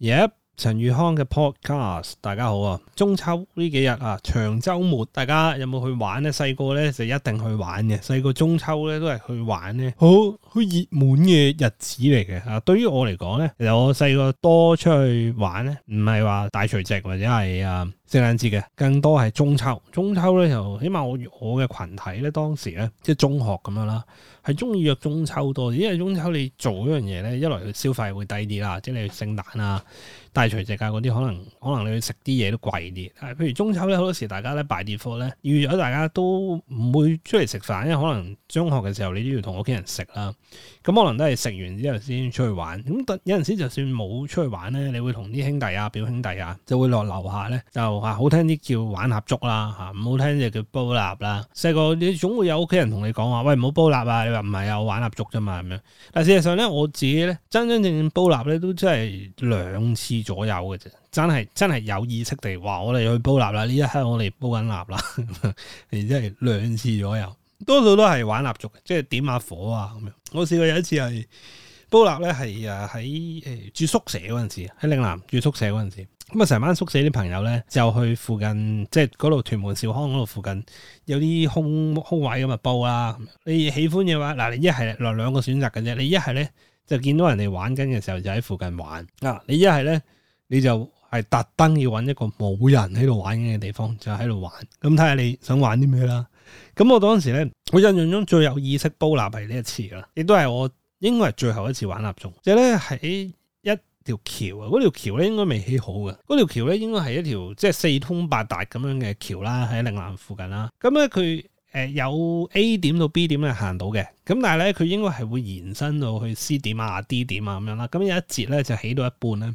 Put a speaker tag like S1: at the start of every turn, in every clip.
S1: 耶！陳宇康嘅 podcast，大家好啊！中秋呢幾日啊，長周末，大家有冇去玩呢？細個呢就一定去玩嘅，細個中秋呢都係去玩呢，好，好熱門嘅日子嚟嘅啊！對於我嚟講呢，其實我細個多出去玩呢，唔係話大除夕或者係啊。聖誕節嘅更多係中秋，中秋咧就起碼我我嘅群體咧當時咧即係中學咁樣啦，係中意約中秋多啲。因為中秋你做嗰樣嘢咧，一來佢消費會低啲啦，即係你去聖誕啊、大除夕啊嗰啲，可能可能你去食啲嘢都貴啲。譬如中秋咧好多時大家咧擺啲貨咧，預咗大家都唔會出嚟食飯，因為可能中學嘅時候你都要同屋企人食啦，咁可能都係食完之後先出去玩。咁有陣時就算冇出去玩咧，你會同啲兄弟啊、表兄弟啊，就會落樓下咧就。吓、啊、好聽啲叫玩蠟燭啦吓，唔、啊、好聽就叫煲蠟啦。細個你總會有屋企人同你講話，喂唔好煲蠟啊！你話唔係啊，我玩蠟燭啫嘛咁樣。但係事實上咧，我自己咧真真正正煲蠟咧，都真係兩次左右嘅啫。真係真係有意識地話我哋去煲蠟啦，呢一刻我哋煲緊蠟啦。然之後兩次左右，多數都係玩蠟燭，即係點下火啊咁樣。我試過有一次係。煲蠟咧係啊喺誒住宿舍嗰陣時，喺嶺南住宿舍嗰陣時，咁啊成班宿舍啲朋友咧就去附近，即係嗰度屯門兆康嗰度附近有啲空空位咁啊，煲啦。你喜歡嘅話，嗱你一係來兩個選擇嘅啫。你一係咧就見到人哋玩緊嘅時候，就喺附近玩。嗱、啊，你一係咧你就係特登要揾一個冇人喺度玩緊嘅地方，就喺度玩。咁睇下你想玩啲咩啦。咁我當時咧，我印象中最有意識煲蠟係呢一次啦，亦都係我。應該係最後一次玩蠟燭，即係咧喺一條橋啊。嗰條橋咧應該未起好嘅。嗰條橋咧應該係一條即係四通八達咁樣嘅橋啦，喺嶺南附近啦。咁咧佢誒有 A 點到 B 點嘅行到嘅，咁但係咧佢應該係會延伸到去 C 點啊、D 點啊咁樣啦。咁有一節咧就起到一半咧，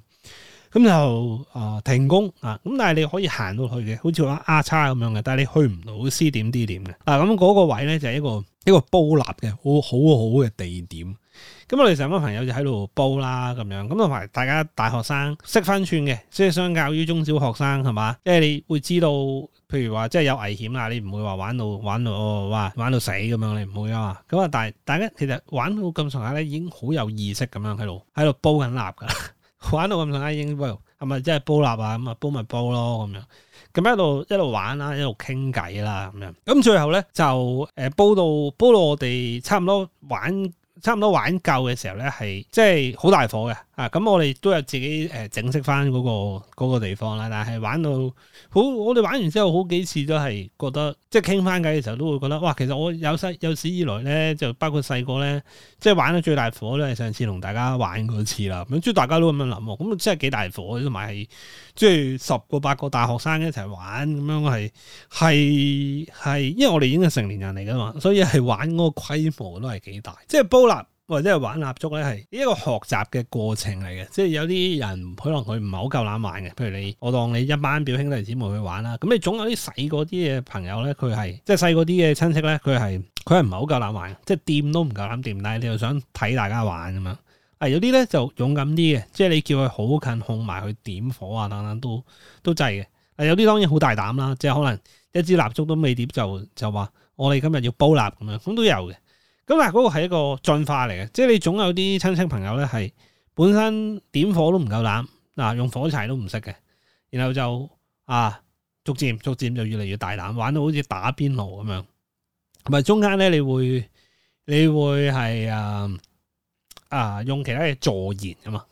S1: 咁就誒、呃、停工啊。咁、嗯、但係你可以行到去嘅，好似我 R 叉咁樣嘅，但係你去唔到 C 點 D 點嘅。嗱、嗯、咁、那、嗰個位咧就係一個一個煲蠟嘅，好好好嘅地點。咁、嗯、我哋成班朋友就喺度煲啦，咁樣咁同埋大家大學生識分寸嘅，即係相較於中小學生係嘛，即係你會知道，譬如話即係有危險啦，你唔會話玩到玩到哇玩到死咁樣，你唔會啊嘛。咁啊，但係大家其實玩到咁上下咧，已經好有意識咁樣喺度喺度煲緊蠟噶啦，玩到咁上下已經，喂係咪即係煲蠟啊？咁、嗯、啊煲咪煲咯，咁樣咁喺度一路玩啦，一路傾偈啦，咁樣咁最後咧就誒煲到煲到我哋差唔多玩。差唔多玩夠嘅時候呢，係即係好大火嘅。咁、啊嗯、我哋都有自己誒、呃、整飾翻嗰個地方啦，但係玩到好，我哋玩完之後好幾次都係覺得，即係傾翻偈嘅時候都會覺得，哇！其實我有有史以來咧，就包括細個咧，即係玩到最大火都係上次同大家玩嗰次啦。咁即係大家都咁樣諗喎，咁、嗯、即係幾大火，同埋係即係十個八個大學生一齊玩咁樣，係係係，因為我哋已經係成年人嚟噶嘛，所以係玩嗰個規模都係幾大，即係煲蠟。或者係玩蠟燭咧，係一個學習嘅過程嚟嘅。即係有啲人可能佢唔係好夠膽玩嘅。譬如你，我當你一班表兄弟姊妹去玩啦。咁你總有啲細個啲嘅朋友咧，佢係即係細個啲嘅親戚咧，佢係佢係唔係好夠膽玩？即係掂都唔夠膽掂。但係你又想睇大家玩咁樣。啊，有啲咧就勇敢啲嘅，即係你叫佢好近控埋佢點火啊等等，等，等都都制嘅。有啲當然好大膽啦，即係可能一支蠟燭都未點就就話我哋今日要煲蠟咁樣，咁都有嘅。咁嗱，嗰個係一個進化嚟嘅，即係你總有啲親戚朋友咧，係本身點火都唔夠膽，嗱、啊、用火柴都唔識嘅，然後就啊，逐漸逐漸就越嚟越大膽，玩到好似打邊爐咁樣，同埋中間咧，你會你會係啊啊用其他嘢助燃啊嘛，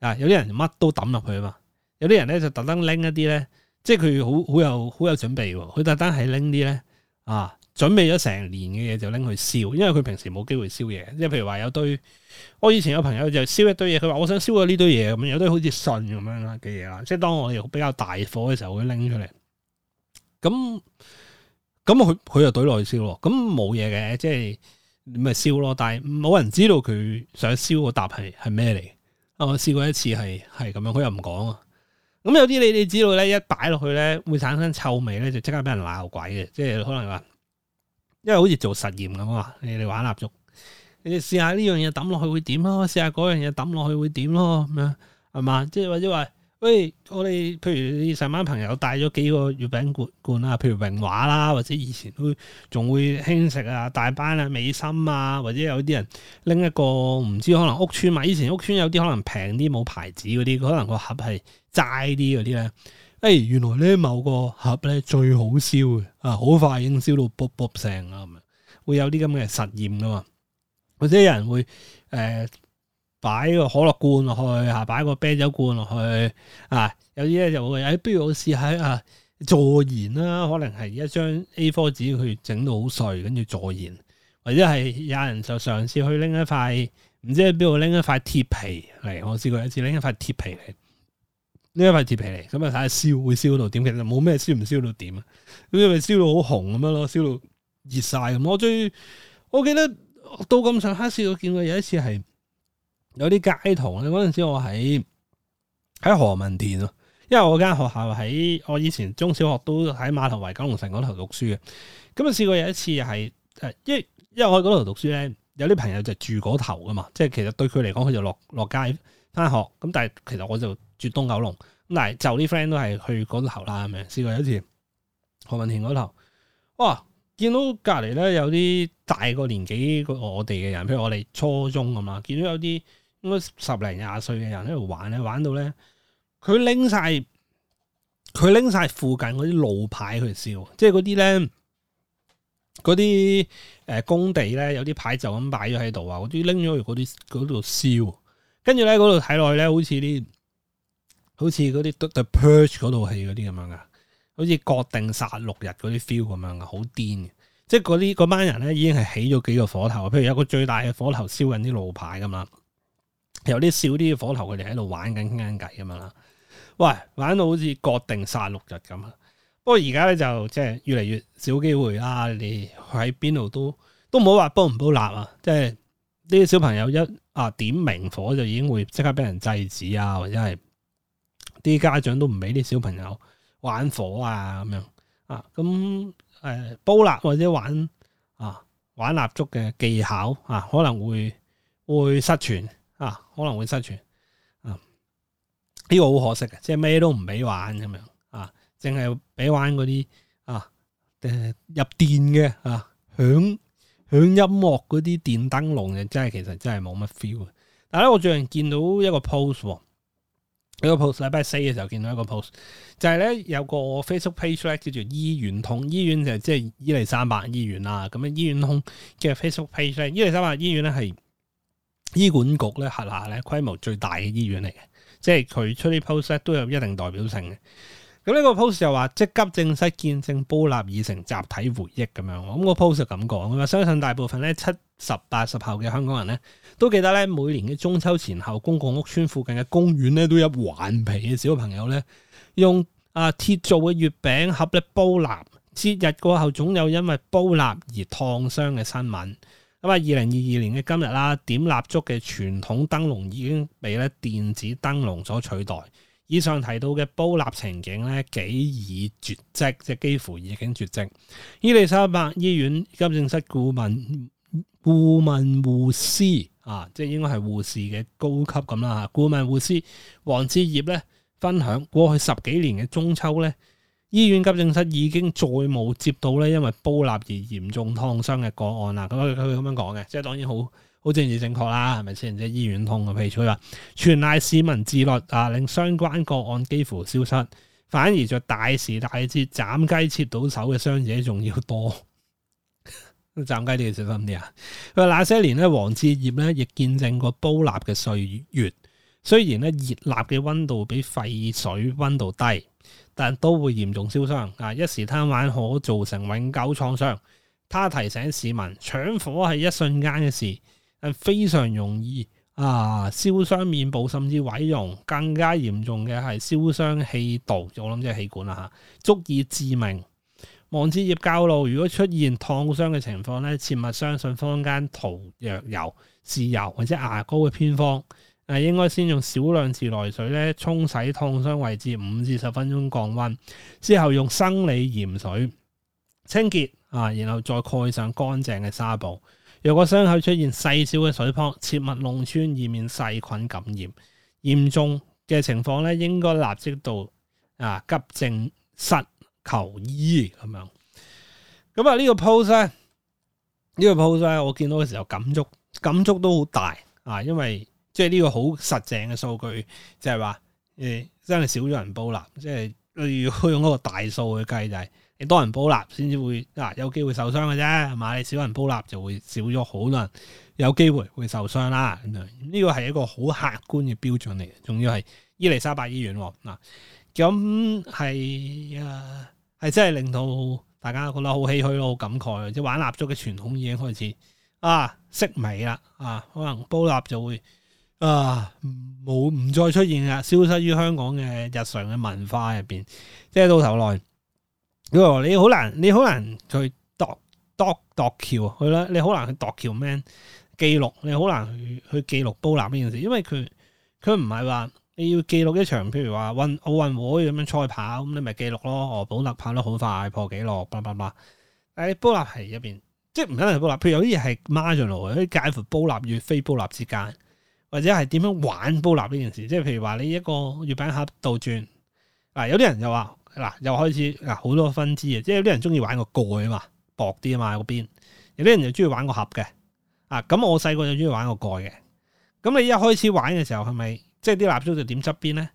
S1: 啊有啲人乜都抌入去啊嘛，有啲人咧、啊、就特登拎一啲咧，即係佢好好有好有準備，佢特登係拎啲咧啊。準備咗成年嘅嘢就拎去燒，因為佢平時冇機會燒嘢。即係譬如話有堆，我以前有朋友就燒一堆嘢，佢話，我想燒咗呢堆嘢咁，有堆好似信咁樣啦嘅嘢啦，即係當我比較大火嘅時候會拎出嚟。咁咁佢佢就懟落去燒咯。咁冇嘢嘅，即係咪燒咯？但係冇人知道佢想燒個答係係咩嚟。我試過一次係係咁樣，佢又唔講啊。咁有啲你你知道咧，一擺落去咧會產生，生臭味咧，就即刻俾人鬧鬼嘅，即係可能話。因為好似做實驗咁啊，你哋玩蠟燭，你哋試下呢樣嘢抌落去會點咯，試下嗰樣嘢抌落去會點咯，咁樣係嘛？即係或者話，喂，我哋譬如上班朋友帶咗幾個月餅罐罐啊，譬如榮華啦，或者以前會仲會興食啊、大班啊、美心啊，或者有啲人拎一個唔知可能屋村嘛，以前屋村有啲可能平啲冇牌子嗰啲，可能個盒係齋啲嗰啲咧。誒、哎，原來咧某個盒咧最好燒嘅，啊好快已經燒到卜卜聲啦，咁樣會有啲咁嘅實驗㗎嘛，或者有人會誒、呃、擺個可樂罐落去，下、啊、擺個啤酒罐落去，啊有啲咧就會誒、哎，不如我試下啊助燃啦，可能係一張 A4 紙去整到好碎，跟住助燃，或者係有人就嘗試去拎一塊唔知喺邊度拎一塊鐵皮嚟，我試過一次拎一塊鐵皮嚟。呢一塊鐵皮嚟，咁啊睇下燒會燒到點，其實冇咩燒唔燒到點啊？咁你咪燒到好紅咁樣咯，燒到熱晒咁。我最，我記得到咁上下，我見過有一次係有啲街童，嗰陣時我喺喺何文田咯，因為我間學校喺我以前中小學都喺馬頭圍九龍城嗰頭讀書嘅。咁啊試過有一次係誒，因為因為我喺嗰頭讀書咧，有啲朋友就住嗰頭噶嘛，即係其實對佢嚟講，佢就落落街翻學。咁但係其實我就。絕東九龍嗱，但就啲 friend 都係去嗰頭啦，咁樣試過有一次何文田嗰頭，哇，見到隔籬咧有啲大個年紀過我哋嘅人，譬如我哋初中咁嘛，見到有啲應該十零廿歲嘅人喺度玩咧，玩到咧佢拎晒佢拎晒附近嗰啲路牌去燒，即係嗰啲咧嗰啲誒工地咧有啲牌就咁擺咗喺度啊，我啲拎咗去嗰啲嗰度燒，跟住咧嗰度睇落去咧好似啲。好似嗰啲 The Purge 嗰套戲嗰啲咁樣噶，好似國定殺六日嗰啲 feel 咁樣噶，好癲嘅。即係嗰啲嗰班人咧已經係起咗幾個火頭，譬如有個最大嘅火頭燒緊啲路牌咁啦，有啲少啲嘅火頭佢哋喺度玩緊傾緊偈咁啦。喂，玩到好似國定殺六日咁啊！不過而家咧就即係越嚟越少機會啦。你喺邊度都都唔好話煲唔煲辣啊！即係呢啲小朋友一啊點明火就已經會即刻俾人制止啊，或者係。啲家長都唔俾啲小朋友玩火啊咁樣啊，咁誒、呃，煲蠟或者玩啊玩蠟燭嘅技巧啊，可能會會失傳啊，可能會失傳啊，呢、這個好可惜嘅，即係咩都唔俾玩咁樣啊，淨係俾玩嗰啲啊誒入電嘅啊，響響音樂嗰啲電燈籠嘅，真係其實真係冇乜 feel 嘅。但係咧，我最近見到一個 post 喎。呢個 post 禮拜四嘅時候見到一個 post，就係咧有個 Facebook page 咧叫做醫院通，醫院就即係伊利沙伯醫院啦，咁樣醫院通嘅 Facebook page 咧，伊利沙伯醫院咧係醫管局咧轄下咧規模最大嘅醫院嚟嘅，即係佢出啲 post 咧都有一定代表性嘅。咁呢個 post 又話，即急正式見證煲蠟已成集體回憶咁樣，咁個 post 就咁講。佢話相信大部分咧七十八十後嘅香港人咧，都記得咧每年嘅中秋前後，公共屋邨附近嘅公園咧，都有頑皮嘅小朋友咧，用啊鐵做嘅月餅盒咧煲蠟。節日過後總有因為煲蠟而燙傷嘅新聞。咁啊，二零二二年嘅今日啦，點蠟燭嘅傳統燈籠已經被咧電子燈籠所取代。以上提到嘅煲蠟情景咧，幾已絕跡，即係幾乎已經絕跡。伊利沙伯醫院急症室顧問顧問護師啊，即係應該係護士嘅高級咁啦嚇。顧問護師黃志業咧分享，過去十幾年嘅中秋咧，醫院急症室已經再冇接到咧因為煲蠟而嚴重燙傷嘅個案啦。咁佢佢咁樣講嘅，即係當然好。好政治正確啦，啊，係咪先？即係醫院痛嘅，啊，譬如佢話，全賴市民自律啊，令相關個案幾乎消失，反而就大時大節斬雞切到手嘅傷者仲要多。 斬雞你要小心啲啊！佢話那些年咧，黃志業咧亦見證過煲蠟嘅歲月。雖然咧熱蠟嘅溫度比沸水溫度低，但都會嚴重燒傷啊！一時貪玩可造成永久創傷。他提醒市民搶火係一瞬間嘅事。係非常容易啊！燒傷面部甚至毀容，更加嚴重嘅係燒傷氣道，我諗即係氣管啦吓，足以致命。王志業教路，如果出現燙傷嘅情況咧，切勿相信坊間塗藥油、豉油或者牙膏嘅偏方。係、啊、應該先用少量自來水咧沖洗燙傷位置五至十分鐘降溫，之後用生理鹽水清潔啊，然後再蓋上乾淨嘅紗布。若果傷口出現細小嘅水泡，切勿弄穿，以免細菌感染。嚴重嘅情況咧，應該立即到啊急症室求醫咁樣。咁、嗯這個、啊呢、這個 post 咧，呢個 post 咧，我見到嘅時候感觸，感觸都好大啊！因為即係呢個好實淨嘅數據，就係話誒真係少咗人煲啦，即係例如去用個大數去計就。你多人煲蠟，先至會嗱，有機會受傷嘅啫，係嘛？你少人煲蠟，就會少咗好多人有機會會受傷啦。咁樣呢個係一個好客觀嘅標準嚟嘅，仲要係伊利沙伯醫院嗱，咁係誒，係、啊、真係令到大家覺得好唏噓咯，好感慨。即玩蠟燭嘅傳統已經開始啊，式微啦啊，可能煲蠟就會啊冇唔再出現啦，消失於香港嘅日常嘅文化入邊，即係到頭來。你好難，你好難去度度度，度橋去啦！你好難去度橋 man 記錄，你好難去去記錄煲蠟呢件事，因為佢佢唔係話你要記錄一場，譬如話運奧運會咁樣賽跑，咁你咪記錄咯。哦，保達跑得好快，破紀錄，啪啪啪！但、哎、煲蠟係入邊，即係唔單係煲蠟，譬如有啲嘢係 marginal 咯，可以介乎煲蠟與非煲蠟之間，或者係點樣玩煲蠟呢件事？即係譬如話你一個月餅盒倒轉，嗱、啊、有啲人就話。嗱，又開始嗱，好多分支嘅，即係有啲人中意玩個蓋啊嘛，薄啲啊嘛個邊，有啲人就中意玩個盒嘅，啊，咁我細個就中意玩個蓋嘅，咁你一開始玩嘅時候係咪即係啲蠟燭就點側邊咧，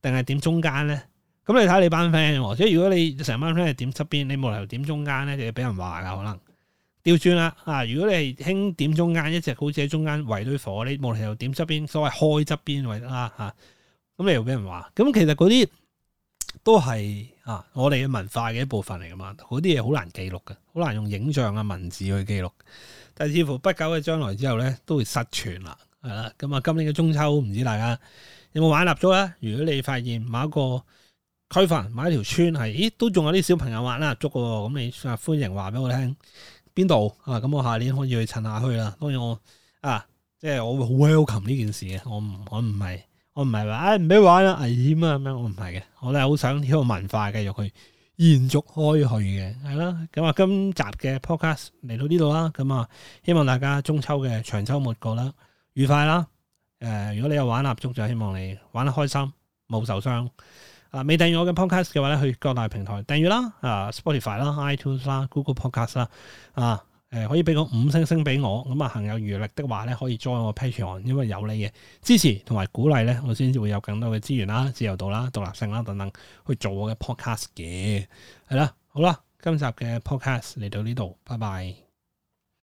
S1: 定係點中間咧？咁你睇你班 friend，即係如果你成班 friend 係點側邊，你無理由點中間咧，就要俾人話噶可能，調轉啦，啊，如果你係興點中間，一直好似喺中間圍堆火，你無理由點側邊，所謂開側邊位啦嚇，咁、啊、你又俾人話，咁其實啲。都係啊！我哋嘅文化嘅一部分嚟噶嘛，嗰啲嘢好難記錄嘅，好難用影像啊文字去記錄。但係似乎不久嘅將來之後咧，都會失傳啦。係啦，咁啊，今年嘅中秋唔知大家有冇玩蠟燭咧？如果你發現某一個區份、某一條村係，咦，都仲有啲小朋友玩蠟燭喎，咁你、啊、歡迎話俾我聽邊度啊？咁我下年可以去趁下去啦。當然我啊，即係我會好 welcome 呢件事嘅，我唔我唔係。我唔係話，誒唔俾玩啦，危險啊咁樣，我唔係嘅，我都係好想呢個文化繼續去延續開去嘅，係啦。咁啊，今集嘅 podcast 嚟到呢度啦，咁啊，希望大家中秋嘅長周末過啦，愉快啦。誒、呃，如果你有玩蠟燭，就希望你玩得開心，冇受傷。啊，未訂閱我嘅 podcast 嘅話咧，去各大平台訂閱啦，啊，Spotify 啦，iTunes 啦，Google Podcast 啦，啊。誒可以俾個五星星俾我，咁啊，行有餘力的話咧，可以 join 我 Patreon，因為有你嘅支持同埋鼓勵咧，我先至會有更多嘅資源啦、自由度啦、獨立性啦等等去做我嘅 podcast 嘅，係啦，好啦，今集嘅 podcast 嚟到呢度，拜拜。